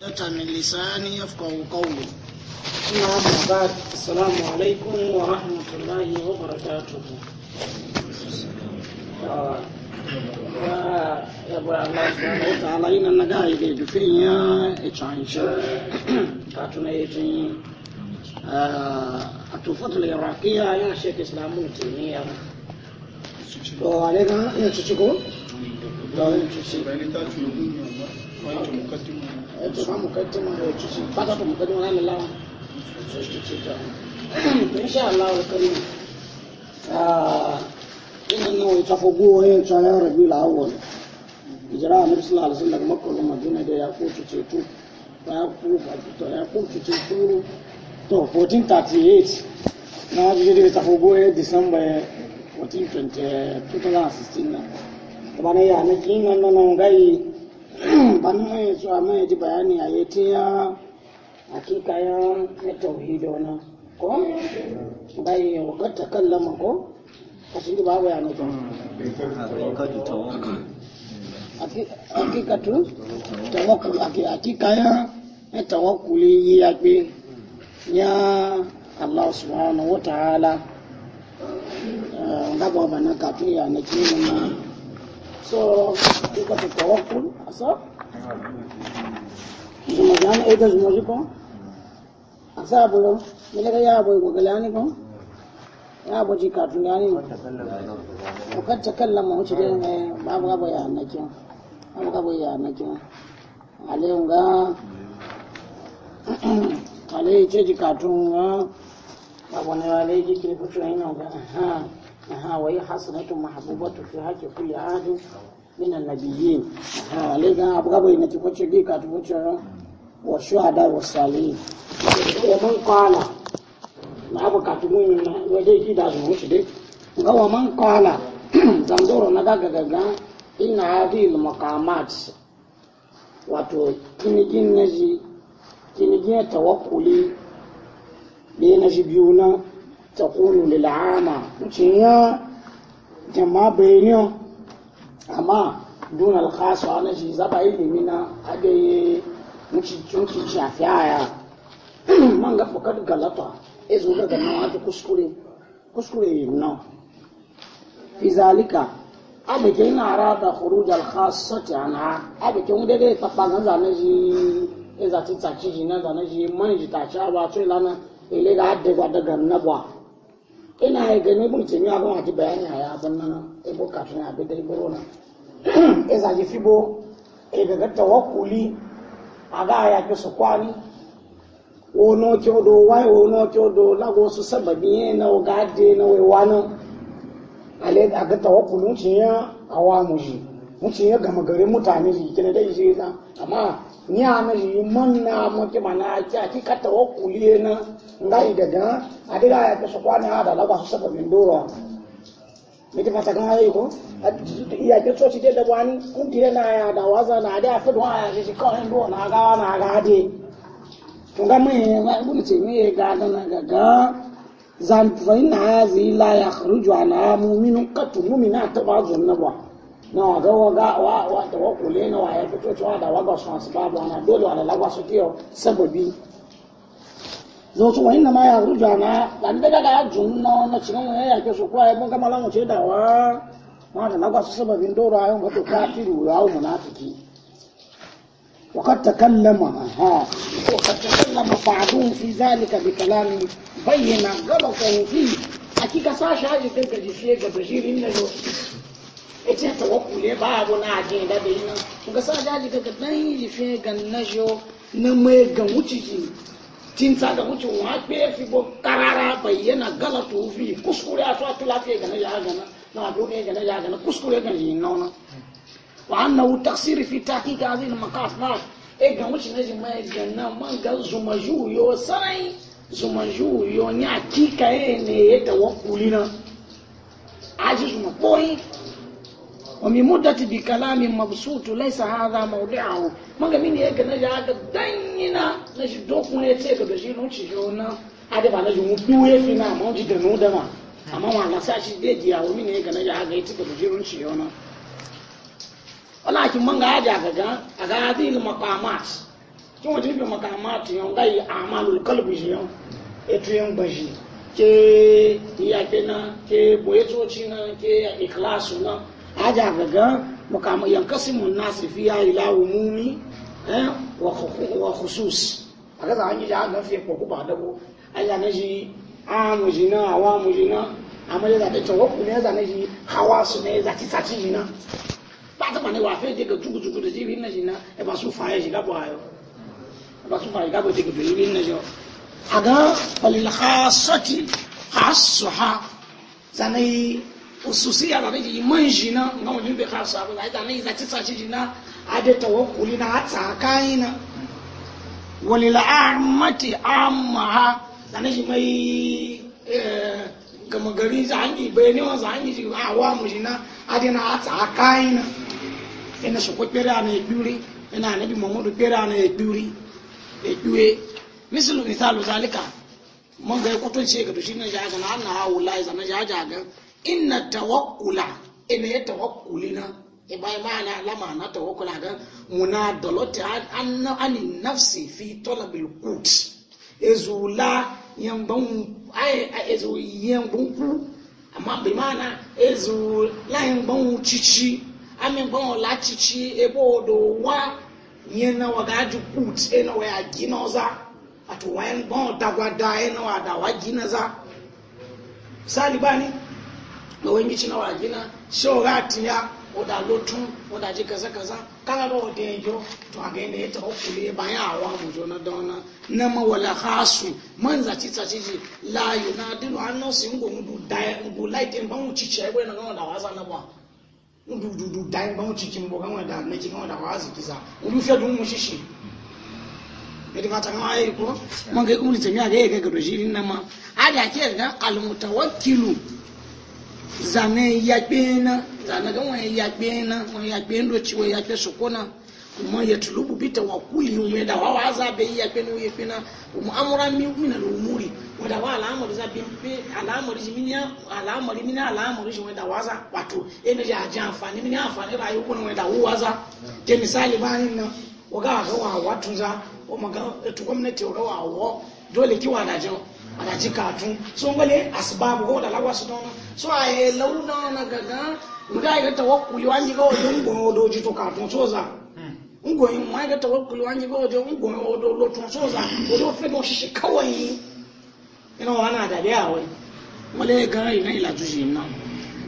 من لساني يفقه قولي ثم أما بعد السلام عليكم ورحمة الله وبركاته آه. ويقول الله سبحانه وتعالى إن النجاة في الدنيا إتشانشا كاتونيتي آه، أتوفت لعراقية يا شيخ إسلام الدنيا وعليكم يا شيخ إسلام الدنيا آه. ẹ̀tọ́ máa mú kẹ́tì máa yọ tuntun pátákó mú ce máa lọ́la insha Allah kalma ina nan wai tafi gowa yin tsayan rabi la'awwal hijira a nabi sallallahu daga wasallam madina da ya kotu ceto ya kotu to ya kotu ceto to 1438 na wajen da tafi gowa yin disamba 1420 2016 na tabana ya na kinan nan gai bani mai zuwa mai ji bayani a yi ta ya hakika ya na tauhido na ko bai ya wakata kallama ko a shi ba ya na hakika tu tawakul hakika ya na tawakuli yi ya gbe ya Allah subhanahu wa ta'ala eh, ngaba bana kafin ya na kinin So, you got the power pool, Asaf. Mm -hmm. Mm -hmm. Mm -hmm. Mm -hmm. Asa bolo, mele ka yaa boi gogele ani ko, yaa boi ji kaatu ni ani. Oka takal la mawuchi de nge, babu ka boi yaa nakiyo, babu ka boi yaa nakiyo. Ale unga, ale ije ji kaatu unga, babu ne ale ji kiri putu ni unga, haa. أها وهي حسنة محبوبة في حق كل عهد من النبيين أها لذا أبغى أن تفوتش بيك تفوتش والشهداء والصالحين ومن قال na abu katumun waje ji da su wuce dai ga wa man kala zandoro na daga gaga ina hadil maqamat wato kinigin naji kinigin tawakkuli na biyu na taqulu lil ama ya jama bayaniyo amma duna al khas na shi zaba limi na ade yi cikin shafiya ya man ga fakar galata zo daga ganin wata kuskure kuskure na fi zalika abike ina da khuruj al khassati anha abike mun dai ta fanga zane shi ya ti tsaci shi na zane shi man ji ta ci abuwa tsoyi lana ile ga adde gwa daga na bwa ina yi gani ibn taymiya ban wati bayani a ya ban nan ebo kafin a bidai na e fibo e ga tawakkuli a ga ya ke su kwani wono ke odo wai wono ke odo lago su sababi ne na ga de na wai wano ale a ga tawakkulun shi ya awa muji mutum ya gama garin mutane shi kina dai na amma nyana yi manna maki mana ki aki ka tawakkuli na ngai daga adira ya kasu kwani hada la ba su saba min doro mi ti fata kan ayi ko iya ke so ti da wani kun ti na ya da waza na da fa do ya ji ko hin do na ga na ga de to ga mai ma ibn ce mi ga da na ga ga zan fa inna hazi la yakhruju ana mu'minun qatu mu'mina tabazun nabwa na ga wa wa wa kule na wa ya fito cewa da waga su babu ana na wa lalagwa su kiyo sababi zotu wa ma ya ruja na dan da daga ajun na na cikin wa ya ke su ya bunga malamu ce da wa wa da lagwa sababin dora ya wu munafiki wa kad ha wa kad takallama ba'dun fi zalika bi kalami bayyana gaba kan fi ga ita tawakkule ba abu na ajin da bai nan ga sa daji daga dan yi fi gan na jo na mai gan wuce ji tin sa da wuce wa pe fi bo karara bayyana galatu fi kuskure a tsatu lafiya gan ya gana na do ne gan ya gana kuskure gan yi nan wa annahu taqsir fi tahqiq hadhihi al-maqas ma e gan wuce ne mai gan na man ga zumaju yo sarai zumaju yo nya kika e ne ya tawakkuli na aji zuma boy wa min muddati bi kalamin mabsutu laysa hadha mawdi'ahu manga min yake na ya ga danyina na shi dokune ce ga shi no ci jo na ade bana ji mu duye fi na mu ji da no da ma amma wa na sashi dai ji min yake na ya ga ci yo wala ki manga ya ga ga aga din maqamat to ji bi maqamat ya ga yi amalul qalbi ji yo e tu yan ba ji ke ya ke boye tochi ke ikhlas aja gaga mukamu yankasimu nasu fiya ila umumi eh, wa khusus a kasa an yi ja fiye an ya na shi shi na awa mu shi na ya zaɗe cewa ku ne zane shi hawa su ne saci shi na ba ta ma ne wa daga da na shi na ba su faye shi ayo e ba su faye daga na shi a ga falil khasati zane hususiya da nake man shi na nga wajen bai ka sabu da ita ne za sa shi na ade tawakkuli na a tsakai na walil amati ammaha da nake mai eh, gama gari za an yi bayani wa za an yi jiwa a wa mu shi na ade na a tsakai na ina shi kwakwere ana ya ɗure ina nabi ana ya ya misalu misalu zalika mun ga ga dushin na jaga na zama jaga inna tawakkula ina ya tawakkuli na ibai e ma'ana e alama na tawakkula ga muna munadalati anin nafsi fi talabil qut ezula yamban ai ezu yamban ku amma bi ma'ana ezu la yamban cici amin ban la cici ebo do wa yena waga ju qut ina e waya ginoza ato wayan ban dagwada ina wada wa ginaza bani. na wengi china wa gina so ga oda lotun oda ji kaza kaza kala ro de yo to aga ne ta hukuri bayan awa mu na dona na ma wala khasu man za ci tsaci ji la yunadilu anno sin go mu du dai go light ban mu ci ce go na ga da wasa na ba du du du dai ban mu ci kin bo ga na ki ga da wasa kisa ulu fe dun mu shishi yadda fata kama ayi ko man ga ibnu tamiya ga ya ga dojirin nan ma hada ke ga al zane ya kpena zane ga wani ya kpena wani ya kpen do ciwo ya kpe sokona kuma ya tulubu bita wa kuli ume da wa waza be ya kpena ya kpena kuma amura mi mina da umuri wada wa al'amari za bi be al'amari ji minya al'amari mina al'amari ji wada waza wato ene ji aji amfani mina amfani rayu kuna wada waza te misali ba ni na waga ga wa watun za o maga to gwamnati ga wa wo dole ki wa da jawo adaji katun sun gole asibabu ko da lagwa su dona so a yi launa na gaga nga ga ga wajen to katun so za ma ga wajen odo lo tun so za odo fe mo kawai ina wana da da wai wale ga ina ila tuji na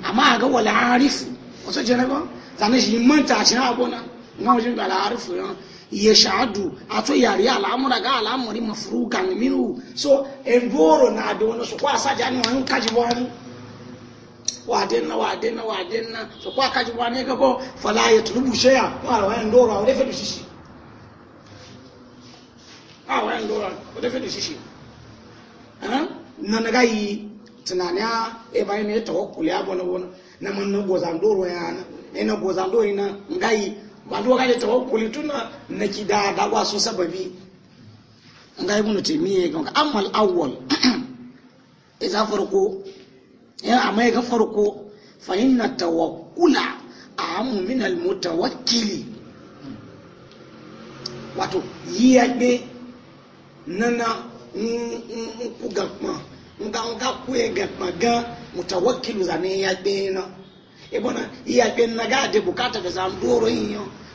amma ga arifu wato jere ba zane shi manta shi abona wajen da yana yashadu ato yari al'amura ga al'amuri mafurukan minu so engoro na adi wani so kwa saja ni wani kaji wani waden na waden so kwa kaji wani ga ko fala ah, ya tulubu shaya wala wani ndoro wani fedu shishi a wani ndoro wani fedu shishi na naga yi tunani a eba ne tawakkuli abona wona na mun na gozandoro na ina gozandoro ina ngai wadu wakaje tawakkuli tuna na kidada da su sababi ga ibn taymiya ga amal al-awwal idza farqu ya amma ga farko fa inna tawakkula amu min al-mutawakkili wato yiyabe nana ku gakma nga nga ku gakma ga mutawakkilu zane yabe na ibona gbe na ga de bukata da zan yin yau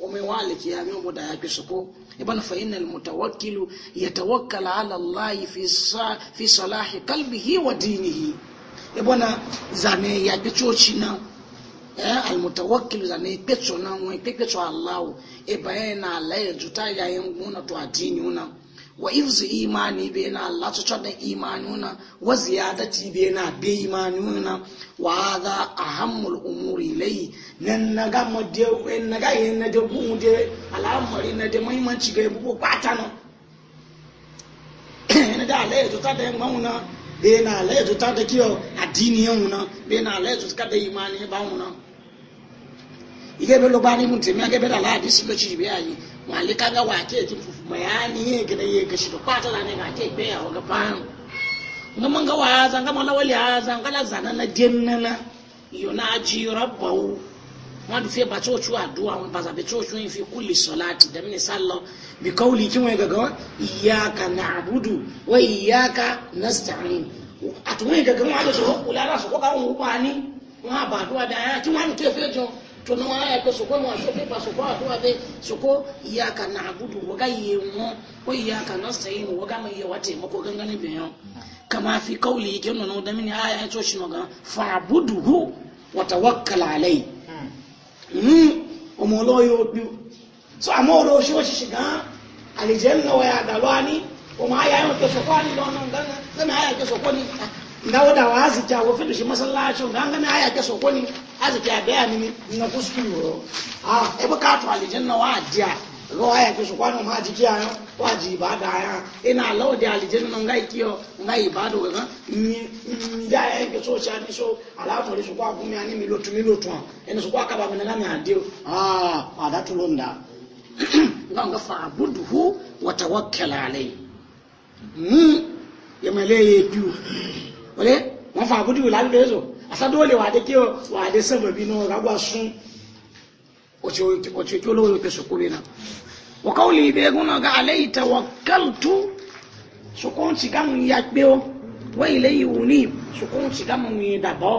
ومن والك يا من بدا يا بيسكو يبقى فإن المتوكل يتوكل على الله في الصا في صلاح قلبه ودينه يبقى زاني يا بيتشوشنا المتوكل زاني بيتشونا وين بيتشو الله يبقى ابن لا يجتا يا يمون تو اديني wa ifzi imani be na Allah to chodan imani na wa ziyadati be na be imani na wa hadha ahammul umuri lay nan naga mode en naga yen na de bu de alamari na de muhimmanci ga bu kwata no en da Allah to ta de mauna be na Allah to ta de kiyo adini yan una be na Allah to ka de imani ba una ige be lo ba ni mun temi age be da Allah be be ayi wali kaga wake ji bayani ya gina ya gashi da kwata zane ga ke bai yawa ga fahimu nga mun ga waya ga mala wali ya zanga la zana na dennana yunaji rabbahu wadu fe ba cocu addu'a mun ba za be zabe cocu in fi kulli salati da mini sallo bi kauli kin wai gaga iyyaka na'budu wa iyyaka nasta'in atun wai ga ma da so kula da so ko ga mu ba ni wa ba addu'a da ya tin wani to fe jo tonu wa ya ko soko wa soko pa soko wa tuwa be iya ka na abudu waga ye mo ko iya ka na sayin waga mai ya wate mako gangane be yo kama fi kauli yake nono da mini aya ya to shino ga fa abuduhu wa tawakkal alai mm omo lo yo du so amo lo shi wa shi ga alijanna wa ya dalwani o ma aya yo to soko ni don nan ganga zama aya to soko ni nga wada wa aziki awo fedo shi masallaci nga ngana aya ke so koni aziki abe ya nini na kuskuru ro ah ebe ka to na wa adia lo aya ke so kwano ma ajiki ayo wa ji da ya ina lo de alijanna nga ikiyo nga ibada ga ni nda ya ke so sha ni so ala to ri so kwa gumi ani mi lotu mi lotu ene so kwa ka ba mi na na adio ah adatu londa nga nga fa abuduhu wa tawakkal alayhi mm yamale yetu wale wọn fa abudu wula lórí ẹzọ asadọọlẹ wà á dé wà á dé sábàbí náà rágbà sún ọtí olówó pé sukuri náà wọ́n kọ́ lè bẹ́ẹ̀ gún náà alẹ́ ìtẹ̀wọ̀ kẹ́lùtù sukun ti ká mu ya gbé o wọ́n ilé yìí wù ní sukun ti ká mu yẹn dàbọ̀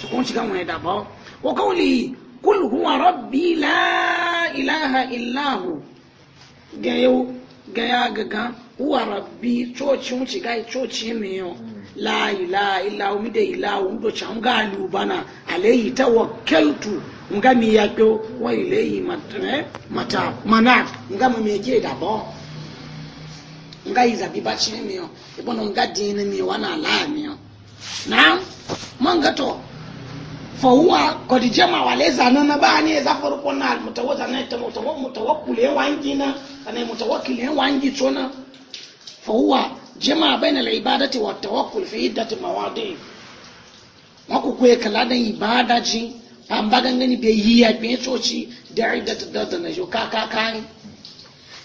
sukun ti ká mu yẹn dàbọ̀ wọ́n kọ́ lè kúlù hu àrọ́ bíi láà ìlàhà ìlàhù gẹ̀yẹ́wò. gaya gaga uwa rabbi coci wuce gai coci mai yau la ila ila umi da ila wundo ci an gali ubana alayhi tawakkaltu nga mi ya kyo wa ilayhi eh, mata mata mana nga mu meje da bo nga iza bi bachi mi yau ibono nga dini mi wani la mi yau na manga to fa huwa kodi jama waleza nana bani za farko na mutawaza na mutawakkule wangina ana mutawakkil yan wangi tsona fa huwa jama baina al ibadati wa tawakkul fi iddati mawadi mako kwe kala da ibada ji amba gangani be yiya be tsoci da iddati da da jo ka ka kan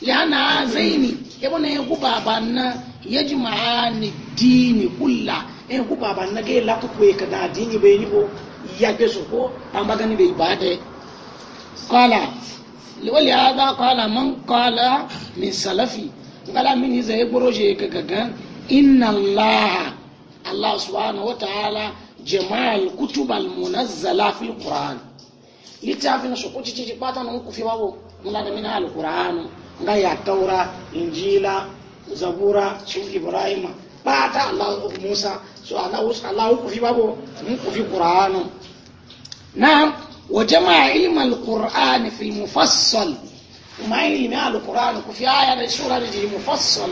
liana zaini yabo ne ku baba na yajma'a ni dini kulla en ku baba na ge la ku kwe kada dini be ni ko ya be so ko amba gani be ibada qala wali hada kwala man kwala min salafi ngala min zai gboro je ga inna allah allah subhanahu wa ta'ala jama'al kutubal al munazzala fil qur'an litafin su ko ci ci pata no ku fi bawo da min al qur'an nga ya taura injila zabura su ibrahima pata allah musa su allah ku fi bawo ku fi وجمع علم القرآن في المفصل وما علم على القرآن وفي آية سورة جي مفصل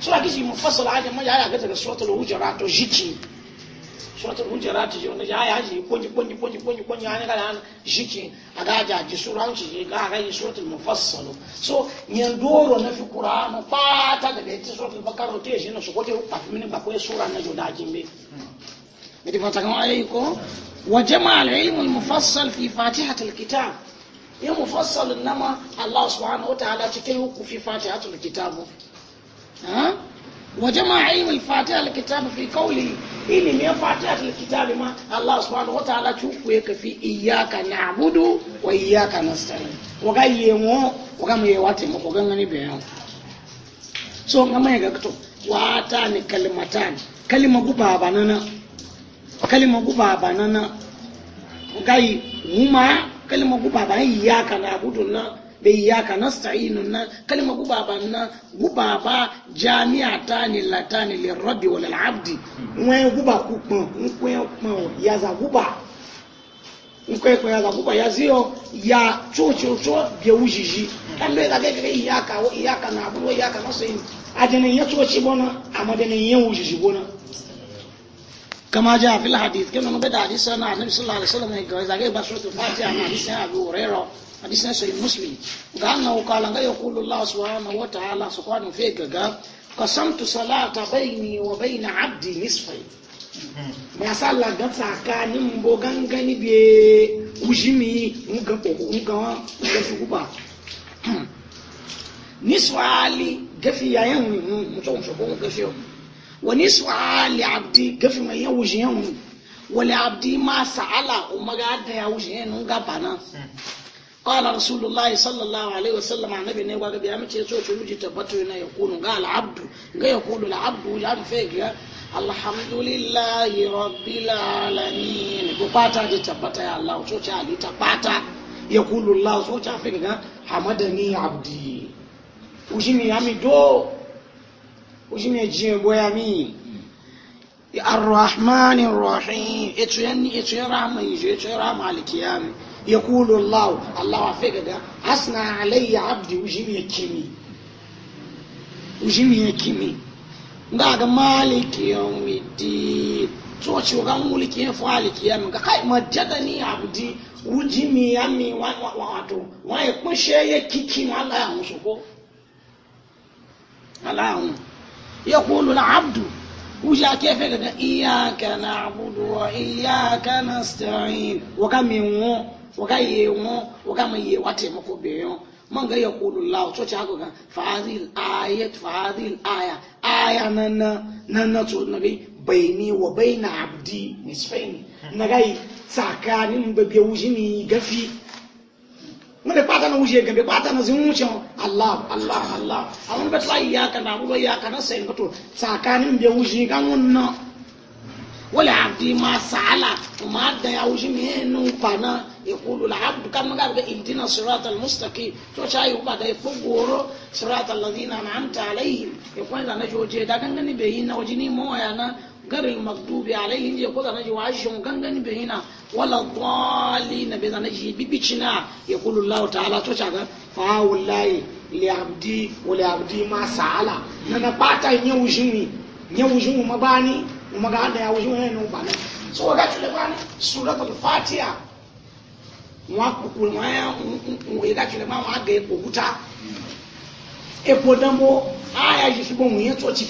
سورة جي مفصل عادة ما جاء قتل سورة الهجرات وجيجي سورة الهجرات جي ونجا آية جي كوني كوني كوني كوني كوني أنا قال أنا جيجي أجا جي سورة جي قا جي سورة المفصل سو يندور نفي القرآن فاتا دبيت سورة وتيجي نسو نسوكوتي وقف من بقوة سورة نجو داجين بي yadda fata kan ayoyi ko wa jama'al ilmul mufassal fi fatihatul kitab ya mufassalun nama Allah subhanahu wataala cikin hukku fi fatihatul kitab ha wa jama'a ilmul fatihatul kitab fi qawli ilmi fatihatul kitab ma Allah subhanahu wataala cikin ya kafi iyyaka na'budu wa iyyaka nasta'in wa ga yemo wa ga mai wata mu ko bayan so ga wa ta kalimatan kalima guba banana kalima gu baba na, gai muma kalima gu baba iyyaka na'budu na da iyyaka nasta'inu na kalima guba baba na gu baba jami'a lata latani lirabbi wal abdi wen gu ba ku pon nkwen pon ya za gu ba nkwen pon ya za gu ba ya zio ya cho cho cho bi ujiji kallo da ga ga iyyaka wa iyyaka na'budu wa iyyaka nasta'inu adene ya cho chi bona amade ne yen ujiji bona kama ja fil hadith kama no beda hadith sana annabi sallallahu alaihi wasallam ga zage ba suratul ga ga yaqulu baini wa baina abdi nisfai ma sallah ga tsakanin bo gangani wani su'a li abdi gafi mai ya wuce yin wani abdi ma sa'ala o maga da ya wuce yin nun gaba nan kwanar rasulullahi sallallahu alaihi wasallam a nabi ne ba gabi ya mace so ci wuce tabbata yana ya kunu ga al'abdu ga ya kunu al'abdu ya fi fe ga alhamdulillahi rabbil alamin ko fata ji tabbata ya allah so ci ali tabbata ya kunu allah so ci afi ga hamadani abdi wuce ne ya mi do ushine jin boya mi الرحمن الرحيم اتشين اتشين di mulki ya fali mi ga kai ni abdi wuji mi wa kushe ya kiki ya يقول العبد وجا كيف إياك نعبد وإياك نستعين وكم يمو وكم يمو وكم يواتي مكوبيون من يقول الله تشوتي هاكو فهذه الآية فهذه الآية آية ننا ننا تنبي بيني وبين عبدي نصفين نغاي ساكاني مبيوجيني غفي من يقطع أنا وجهي كم يقطع أنا زمومي الله الله الله أون بطلع يا كنا بطلع يا كنا سين كتو ساكن بيوجي كمون ولا عبد ما سالا وما أدى يوجي مين وفانا يقول العبد كم قال إنتنا صراط المستقيم شو شاي هو بعد يفقوره صراط الذين أنعمت عليهم يقول أنا جوجي دكان كني بهين وجيني مو أنا garil maktubi alaihi ya kuda na ji wa shi gangan bi hina wala dhalin bi na ji bibicina ya kullu Allah ta'ala to shaga fa wallahi li abdi wa li abdi ma sa'ala nana pata nyewu jini nyewu jini mabani umaga da ya wuju ne ubana so bani suratul fatiha wa kukul ma ya ga tule ma wa ga okuta epo dambo aya ji mu yen to ti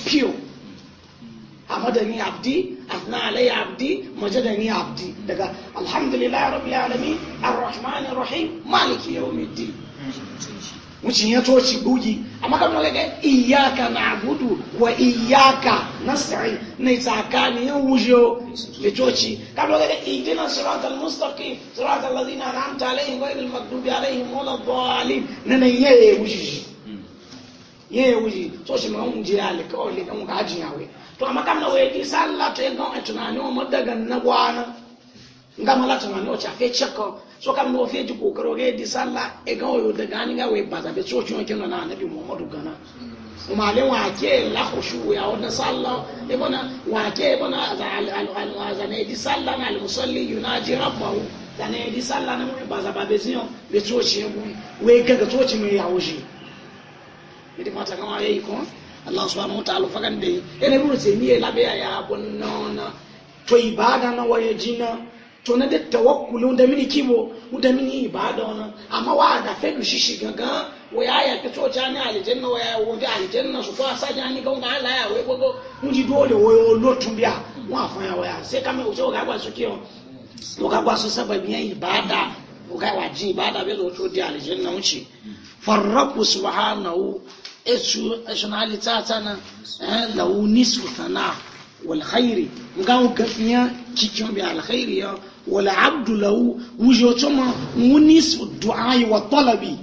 حمدني عبدي أثنى علي عبدي مجدني عبدي دقى الحمد لله رب العالمين الرحمن الرحيم مالك يوم الدين وشين يتوى شبوجي أما كم نقول إياك نعبد وإياك نستعين نتاكان يوجو لتوشي كم نقول إهدنا صراط المستقيم صراط الذين أنعمت عليهم غير المكتوب عليهم ولا الضالين ننيه وشيش ye wuji coci shi ma mun je alika o le kan ga jin yawe to amma kam na we di salla to en don tunani o madaga na gwana nga mala tunani o cha fe cheko so kam no fe ji kokoro ge di salla e ga o gani ga we baza be so chon ken na nabi gana kuma le wa ke la khushu ya o da salla e bona wa ke na al musalli yunaji rabbahu na mu baza ba be zion be so chi e bu we ga ya wuji idi mata kama yi ko Allah subhanahu wa ta'ala fagan dai ene buru sai miye labe ya bonnona to ibada na waye jina to na da tawakkulu da mini kibo da mini ibada wana amma wa da fe du shishi gaga waya ya ka to jani aljanna waya wo da aljanna su fa sa jani ga ga ala ya we mun ji dole wo lo biya wa fa ya waya sai kama o oh. ga kwa su kiyo to ga kwa su sababi ya ibada o ga ji ibada be lo to da aljanna ci farraku subhanahu etu nationality ta na lau nisfu sana wal khairi gafiya cikin bi al khairi ya wal abdu lau wujo tuma nisfu du'ai wa talabi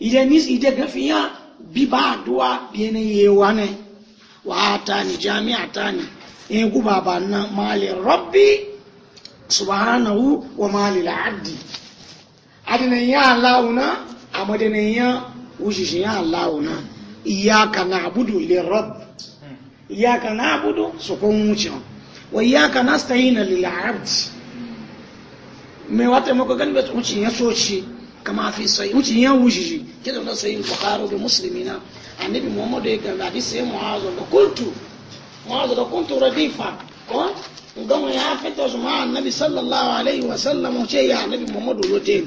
ije nis gafiya bi ba du'a bi ne yewane wa atani ni in ku baba na mali rabbi subhanahu wa mali al abdi adina ya launa amadina ya wujiji ya Allah na iyaka na abudu le rob iyaka na abudu su kun wuce wa iyaka na stahina lil abd me wata mako gani ba wuce ya soci kama fi sai wuce ya wujiji kidan da sai bukhari da muslimina annabi muhammad ya ga hadisi ya muazu da kultu. muazu da kuntu radifa ko ngan ya fita su ma annabi sallallahu alaihi wa sallam ce ya annabi muhammad rotin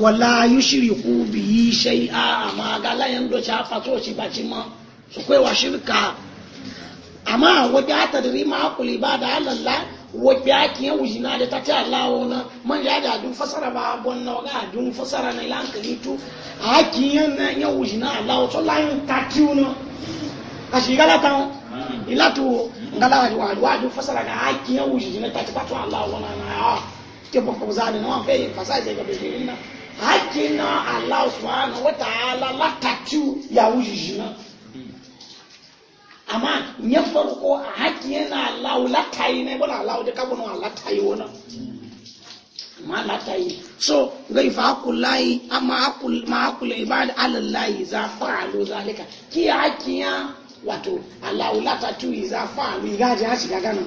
wala yushriku bihi a amma ga layan do cha fato shi baci ma su kai wa shirka amma wajen tadri ma akul ibada Allah wajen ake yan wujina da ta ce Allah wona man ya da dun fasara ba bon na ga dun fasara na ilan kalitu haki yan yan wujina Allah to layin takiuna a shiga la tan hmm. ilatu ngala wa wa dun fasara na haki yan wujina ta ce Allah wona na ke ba ko zani na fa fasara ga bidirin na Uh, hajji na Allah subhanahu wa ta'ala latatu ya wujuji na amma nye farko a hajji yana Allah latayi ne bala Allah da kabu na latayi wona ma latayi so gai fa akullahi amma ma akul ibad alallahi za fa'alu zalika ki hajji ya wato Allah latatu za fa'alu gaji ha shiga gana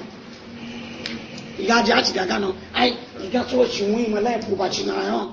gaji ha shiga gana ai iga to shi mu mala ku ba ci na yo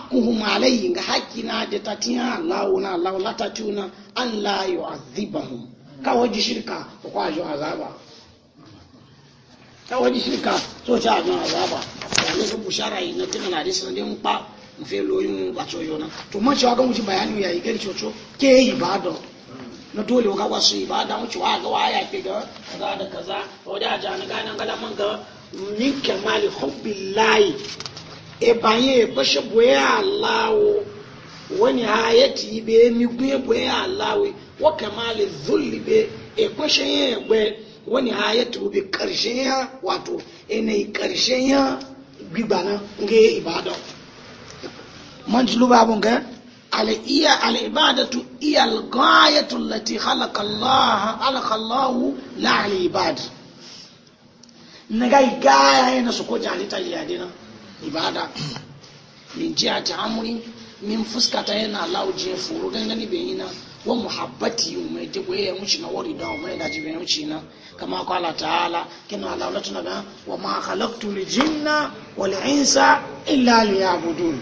haƙuhum alayhi ga haƙƙi na da tatiya Allah na Allah la an la ka waji shirka ko azaba ka waji shirka so cha azaba ne ko bushara ina na risa ne mun pa mun fe loyin ba so yona to mun ci ga mun ci bayani yayi gari coco ke yi ibado na dole ga wasu ga waya ga kaza da kaza ko da ga nan ga ga kamali hubbillahi ebanye bashe boye alawo wani hayati be gbe boye alawe wa kamali zulli be e kwashe ye gbe wani hayati be karshe ya wato ene karshe ya gbibana nge man manjulu babu nge ala iya al ibadatu iya al ghayatu allati khalaqa Allah khalaqa Allah la al ibad nagai gaya na su ko jani ta yadina ibada min jiya ta amuri min fuskata yana lauje furu gangani bai na wa muhabbati mai dego ya wuce na wari da mai da jibe wuce na kama kwala ta ta'ala kina Allah tuna ga wa ma khalaqtu lil jinna wal insa illa liyabudun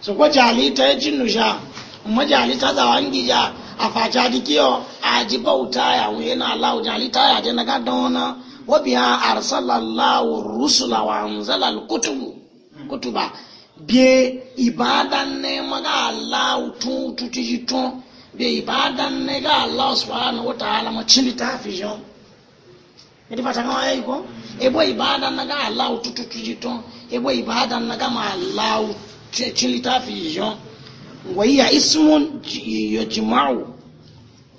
so ko jali ta jinnu sha ma jali ta wangi ja a faca dikiyo a ji bauta ya wuye na Allah jali ta ya je na ga dona wa biha arsalallahu rusula wa anzala al kutubu kutuba bie ibadan ne maga Allah tun tuti tun bie ibadan ne ga Allah subhanahu wa ta'ala ma cin litafi jon ndi fata kan ayi ko ebo ibadan na ga Allah tutu tuti ebo ibadan na ga ma Allah cin litafi jon wa hiya ismun yajma'u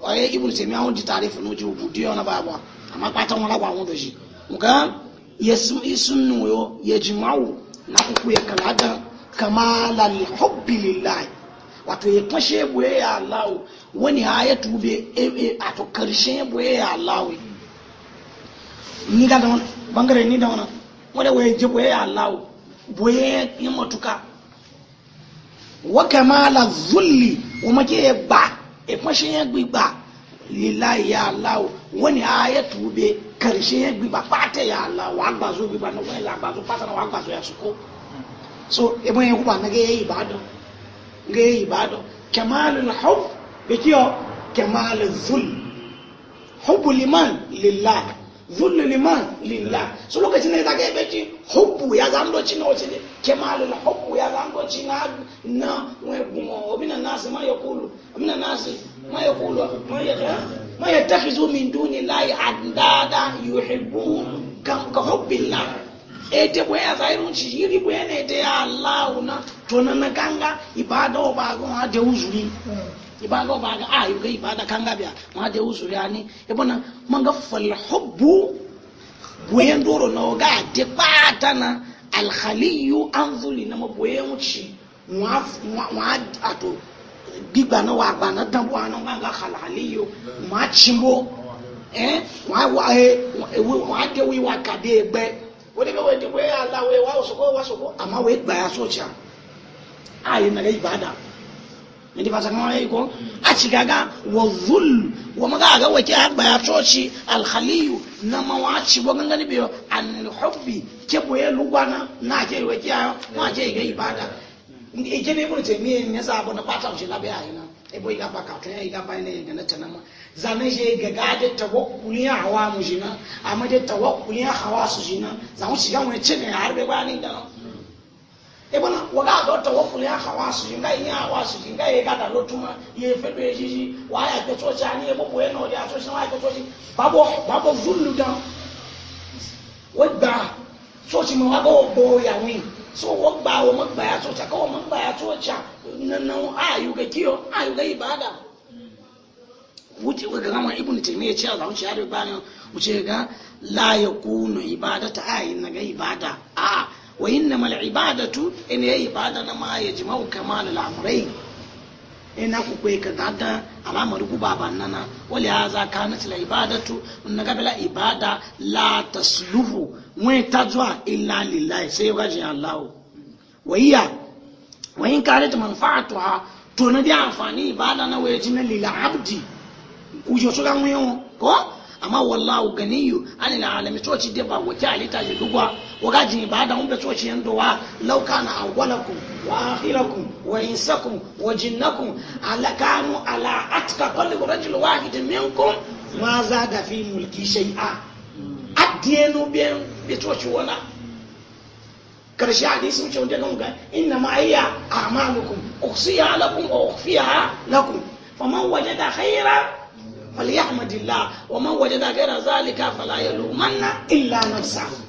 ayi ibnu taymiyyah on di tarifu no je obudi ona baba amma pata won la wa won do ji nkan yesu isunnu yo yajma'u lakuku ya kalaga kamala lihubbi lillahi wato ya fashe buye ya allahu wani ya tube ebe a to karshe buye ya allahu ni ga da bangare ni da wannan wanda waye je buye ya allahu buye ya matuka wa kamala zulli kuma ke ba e fashe ya gbigba lillahi ya Allah wani aya tube karshe ya gbiba pata ya Allah wa gba so gbiba na wani gba so na wa gba so ya suko so ibn yin kuma na ga yayi ibado ga yayi ibado kamalul hub bi kiyo kamalul zul hubbu liman lillah zullu liman lillah so lokacin da zaka yabe ci hubbu ya zando ci na wace ne kamalul hubbu ya zando ci na na wani kuma obina nasi ma ya kulu obina nasi ما يقول ما يتخذ من دون الله أندادا يحبون كحب الله ete bwea zairun chijiri bwene ete ya Allah una tona na kanga ibada obaga wa de uzuri ibada o obaga ah yuga ibada kanga bia wa de uzuri ani ebona manga fal hubbu bwendoro na oga de pata na al khaliyu anzuli na mabwea uchi mwa mwa ato gbígbà náà wà àgbà náà dánbó àná wọn àgbà kàlàlẹ́ wọn á mbó wọn á wà wọn á kàdé ẹgbẹ gbà yà ìbàdàn yi ko a ci gaga wa zul wa maga ga wace har baya toci al khaliyu na mawaci bo gangani biyo an hubbi ke na ga ibada ndi ejebe ibn taymiya ne sa abu na fata shi labe ayi na ebo ila ba ka kan ila ba ne ga na tanama zane je ga ga da tawakkuli ya hawa mu jina amma da tawakkuli ya hawa su jina za mu shiga mu ce ne har be ba ni da ebo na wa ga ga tawakkuli ya hawa su jina ya hawa su jina ya ga da lotuma ya fe do wa ya ke to ja ni ebo bo eno ya na shi wa ke to ji babo babo zullu da wa da so ti mo wa bo ya win so wọ́n gba àwọn ọmọ gbà yà tó ṣàkọ́ ọmọ gbà yà tó ṣà nana ayò gẹ̀kí ọ ayò wuce wa ga gama ibnu taymiya ce Allah shi har bayan wuce ga la yakunu ibadata ayin na ga ibada a wa innama al ibadatu in ya ibada na ma yajma'u kamal al amrayn ina ku kwe ka gada alama ruku baba nana wali haza kanat la ibadatu na gabila ibada la tasluhu wai ta zuwa illa lillahi sai wajin Allah wayya wayin kanat manfa'atuha to na dia amfani ibada na wa jin lila abdi ujo so kan ko amma wallahu ganiyu anil alamin to ci de ba wace alita je dubwa وقاجي بعد هم بتوش يندوا لو كان أولكم وآخركم وإنسكم وجنكم على كانوا على أتقى قلب رجل واحد منكم ما زاد في ملكي شيئا أدينوا بين بتوش ولا karshe hadisi wuce wanda nan ga inna ma ayya a'malukum ukhsiha lakum wa ukhfiha lakum faman wajada khayra falyahmadillah wa man da ghayra zalika fala illa nafsahu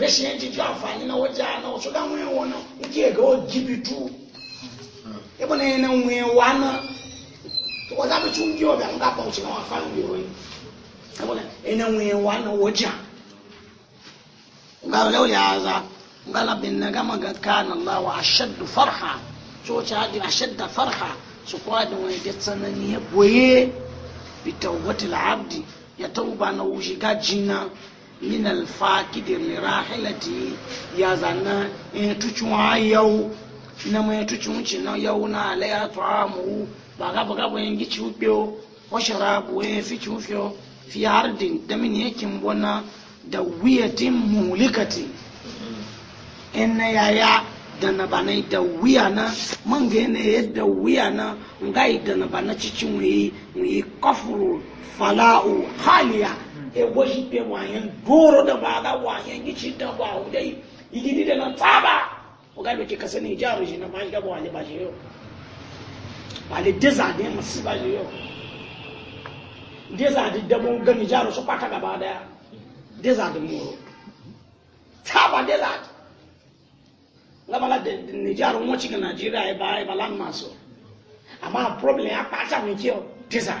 rashin yanci ji amfani na waje na wasu ga nwunye wani nke ga o jibitu ebe na yana nwunye wani to wata bi tun ji obi nga ba wuce na wafa nwunye wani ebe na yana nwunye wani waje nga wale wale aza nga labin na gama ga kanan lawa a shaddu farha so ce hadi a shadda farha su kwadin wani da tsanani ya goye bitawbatul abdi ya tauba na wuce gajina min alfakidir li rahilati ya zanna in tuci wa yau na mai tuci wuce na yau na alaya ta'amu ba gaba gaba yin gici ubiyo wa sharabu yin fici ubiyo fi hardin da min yakin bona da wiyatin mulikati in na yaya da na banai da wiya na man ga yana yadda wiya na ngai da na bana cikin wuyi wuyi kafuru fala'u haliya ya shi be wayan doro da ba ga wanyan gici da ba dai igidi da nan tsaba ko ga ke kasa ne jaru shi na ma ga wani ba shi yo ba le deza ne masu ba shi yo deza di da mun gani jaru su kwata gaba daya deza da mu tsaba deza labala da nijar wacce ga najira ya ba ya ba lan masu amma problem ya kwata mun kiyo deza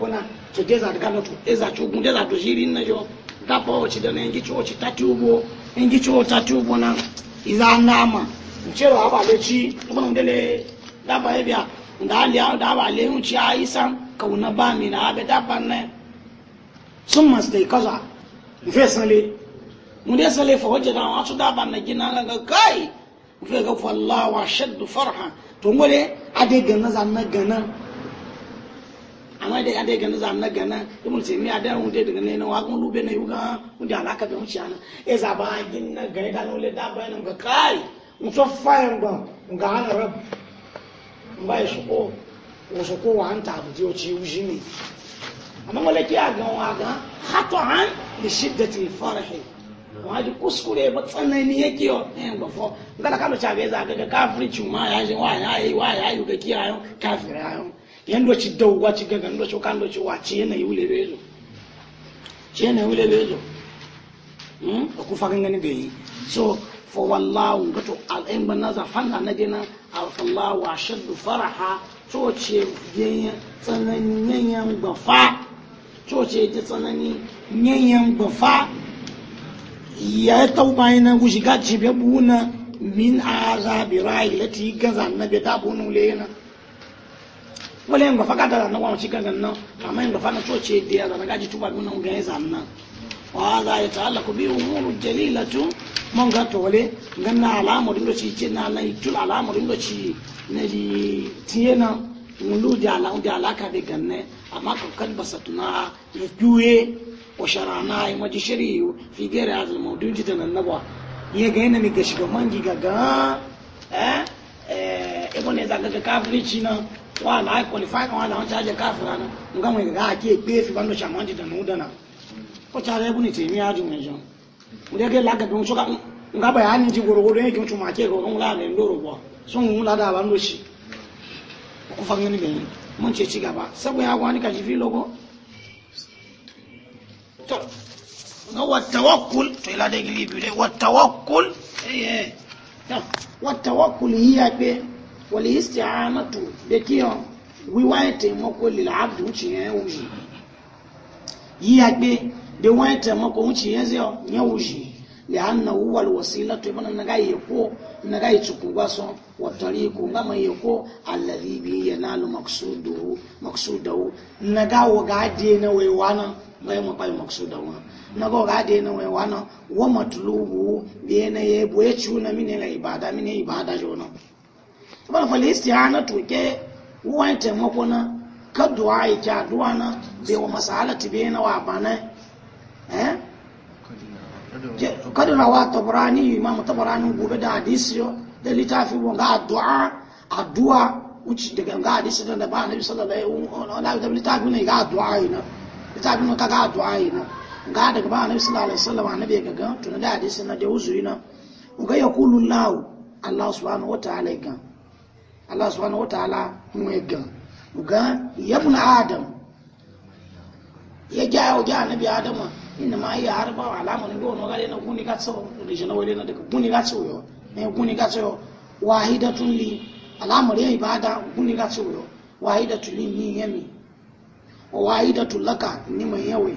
bona togeza kana tueza chugundela tushiri nacho tapo chida nengi cho chitati ubo nengi cho tatu bona izanama mchero aba lechi bona ndele daba ebya ndali ya daba le unchi aisa kauna ba mi na abe daba ne summa stay kaza mfesale munde sale fa hoje na wasu daba na gina ga kai mfe ga Allah wa shaddu farha to ngole ade ganna na gana. amma dai adai gana zam na gana da mun sai mi adan dai daga ne na wa kun lube na yuga mun da alaka da wuce ana e za ba gin na gai da nole da ba nan ga kai mun so fayan ba mun ga ana rab mun ba shi ko mun so ko wa an ta buje ci wuji ne amma malaki a ga wa ga hato an da shiddati farahi wa ji kuskure ba tsanani yake yo eh ba fo ngala kalo cha ga za ga kafirci ma ya ji wa ya yi wa ya yi ga kiyayo kafirai yando ci dawwa ci gaga ndo ci kando ci wa ci yana yule bezo ci yana yule bezo hmm A fa ganga ni be so fo wallahu gato al'in banna za fanga na dina alfallahu ashaddu faraha to ce yanya tsananin yanyan gbafa to ce ji tsananin yanyan gbafa ya tauba yana gushi gaci be na min azabi rai lati gaza na be da bunu lena wale ngba fakata na kwa chika ganna amma ngba fana to ce dia da gaji tuba guna ngai zanna wa za ya ta'allaqu bi umuru jalilatu mun ga to wale ganna alamu dindo ci ce na lai tul alamu dindo ci ne di tiyena mulu di alamu di alaka be ganne amma ka kan basatuna ya juye wa sharana ya maji shari'u fi gairi azal mawdu'i da nan nabwa ya ga yana mi ga shiga mangi ga ga eh, eh ebo ne zaga ga kafiri ci na wa la e qualify kan wa la ta je kafira na nga mo ga ki e pe fi bando chama ndi da ko re buni te mi a ju menjo mu de ge la ga dun nga ba ya ji goro goro ne ki ke ro ngula ne ndoro bo so mu la da fa ngani be ya ka ji fi logo to nga wa tawakkul to ila e da gili bi dai wa tawakkul wal isti'anatu da kiyon wiwa ya taimako lil abdu wuce ya wuce yi ya gbe da wa ya taimako wuce ya zai ya wuce da hannu wuwal wasila to ibana na gaye ko na waso cikin gwason watari ko ga mai yako allazi bi yanalu maqsuduhu maqsudahu na gawo ga de na waiwa nan bai mu bai maqsudahu na gawo ga de na waiwa nan wa matlubu bi na yebo ya cuna mine la ibada mine ibada jona kamar falisti hana toke wani taimako na kaduwa ya ke aduwa na bai wa masala bai na wa bane eh kaduna wa tabarani imam tabarani gobe da hadisi yo da littafi wa ga addu'a addu'a wuce daga ga hadisi da ba na bisa da bai wa da littafi ne ga addu'a na littafi ne ka ga addu'a na ga daga ba annabi sallallahu alaihi sallama na bai ga tun da hadisi na da wuzuri na ga yaqulu allah allah subhanahu wa ta'ala ga Allah subhanahu wa ta'ala kuma gan ga yabna adam ya ga o ga annabi adam inna ma ya harba alama ne go no na kuni ga tsawo da shi na wale na daga kuni ga tsawo ne kuni ga tsawo wahidatun li alama ya ibada kuni ga tsawo wahidatun li ni yami wahidatun laka ni mai yawe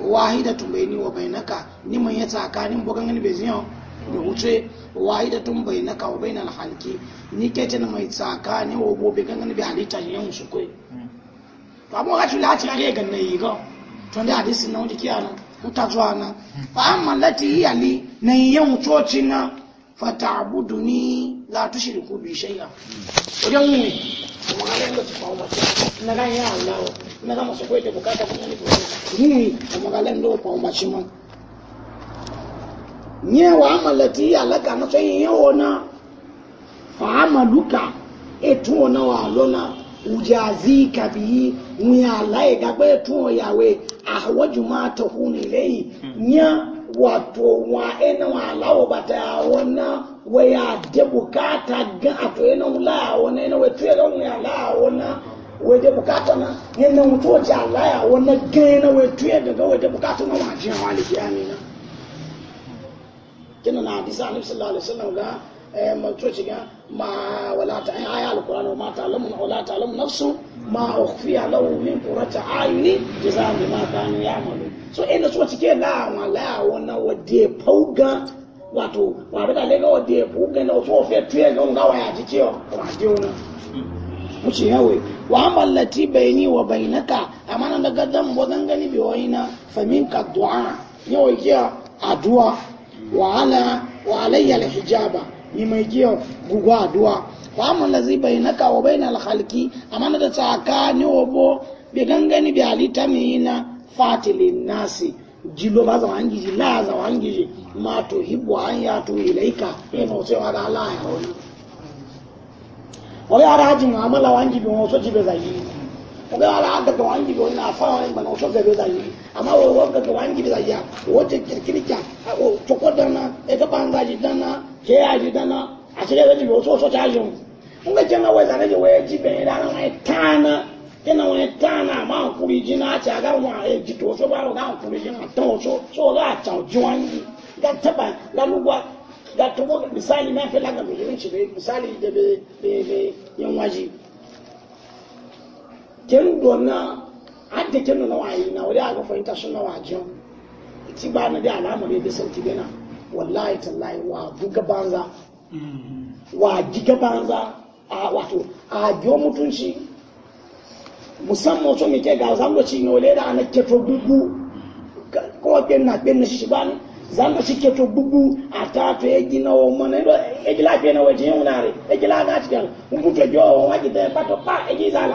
wahidatun bayni wa bainaka ni mai ya tsakanin bugan ni bezion da wuce wahida tun bai na kawo bai na halki ni na mai tsaka ne wa gobe gangan bi halitta ne yan su kai to amma ga tula ci are ganna yi ga to da hadisi na wuce kiyana muta zuwa na fa amma lati yali na yan coci na fata'buduni la tushriku bi shay'a wajen mu kuma ga yanda su kawo mace na ga ya Allah na ga masu kai da bukata kuma ni ko ni kuma ga lando kawo mace mun nye wa amalati alaka na sai ya ona fa amaluka etu ona wa lona ujazi kabi ni alaye gagbe etu yawe ahwaju ma ta huni lai hmm. nya wato wa ena wa alawo bata ona wa ya de bukata ga ato ena ula ona ena wetu ya lawo ya lawo na we de bukata na ena mutu ja ala ya ona ga ena wetu ya ga we de bukata na wa jin wa le yani na Kin na hadisa annabi sallallahu alaihi wasallam ga eh, mantoci ga ma wala ta eh, aya alquran ma ta'lamu wala ta'lamu nafsu ma ukhfi lahu min qurrati ayni jazaa bima kanu ya'malu so ina so cike la wala wana wade pauga wato wabeda lega wade pauga na so fe tuye ga wa ya jikio kwa jiona muci yawe wa amal lati bayni wa bainaka amana daga dan bodan gani biwaina faminka du'a yawa ya addu'a وعلى وعلي mai nimaikiyar guguwa aduwa famun lazi bai na kawo bai na alhalki amma da tsaka ni obo bi gangani bi halitta mai na fatilin nasi jilo ba zama hangiji la zama hangiji ma to an ya to ilaika ina wasu yawa da ala ya wani wani ara hajji mu'amala wa wasu ci bai yi. nga ala aga ga wangi go ina fa wani bana so ga da yi amma wo wo ga wangi da ya wo te kirkiri ka o choko dana e ga banga ji dana ke ya ji dana a sire da ji wo so so ta yun nga je na wa zane je we ji be na na tana kena we tana ma ku ri ji na cha ga wa e ji to so ba ro ga ku ri ji na to so so ga cha ju wangi ga taba la lugwa ga to misali na fe la ga mi ji misali je be be be yan waji do na hadda kendo na wayi na wuri aga fahimta na wajen ti ba na da alama ne da sauki bena wallahi tallahi wa buga banza mm-hmm. wa giga banza a wato a biyo mutunci musamman sun mai ke ga ci na wale da ana keto bubu kowa ɓen na ɓen na shi ba ne zango shi keto bubu a ta to ya gina wa mana ya gila fiye na waje yau na re ya gila ga cikin mutu ya biyo wa wajen da ya pato pa a gizala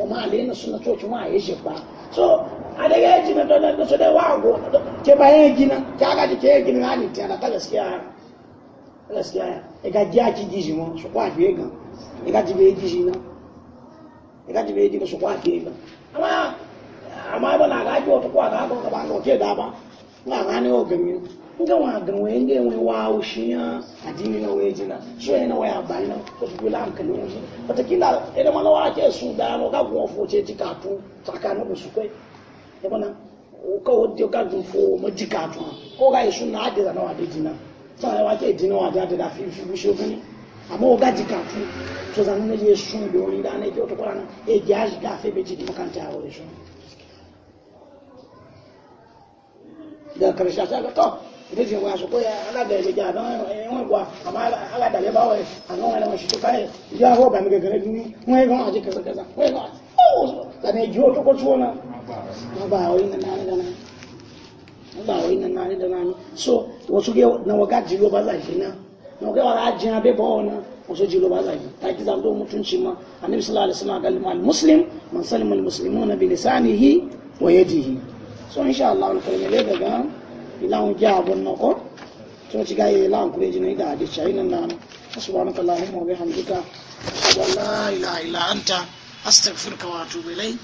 wa ma alaina sunnatu kuma ya ba, so a daga yaji na dole da so da wa go ke bayan gina ke aka ji ke gina hali ta da gaskiya gaskiya e ga ji aki gishi mo so kwa fi ga e ga ji be gishi na e ga ji be gishi so kwa fi ga amma amma ba na ga ji wato kwa ga ga ba no ke da ba na ga ne o gami nga wa ga wende we wa ushinya adini na weji na so na waya abana ko gula hankali wani watakila ina mala wa ke su da no ga gwo fo ce tikatu tsakanin ku su kai e bana ka wodi ka gwo fo ma tikatu ko ga isu na ade da na wa dina sai wa ke dina wa da da fi fi bu shi ni amma o ga tikatu so zanu ne ye sun do ni da ne ke to kwana e ga ga fe be ji makanta wa isu da karshe ta ga to ita ce wa su koya ala da yake gyaɗa wani kuwa amma ala da ya bawa a nan wani mashi tuka ne ya ho ba miga gare duni wani gan aji kaza kaza wani gan aji da ne jiwo ta kwaci wani na ba wai na nani da nani na ba wai na nani da so wasu ge na waga jiro ba za shi na na waga wala ajiya bai bawa na wasu jiro ba za shi ta ki zamdo mutunci ma annabi sallallahu alaihi wasallam galima al-muslim man salima al-muslimuna bi wa yadihi so insha Allah al-karim ilan gyabon na ko to ci gaye ilan kureji ne ga hadis shayi nan nan subhanaka allahumma wa bihamdika ashhadu an la ilaha illa anta astaghfiruka wa atubu ilayk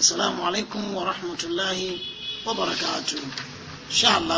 assalamu alaikum wa rahmatullahi wa barakatuh insha Allah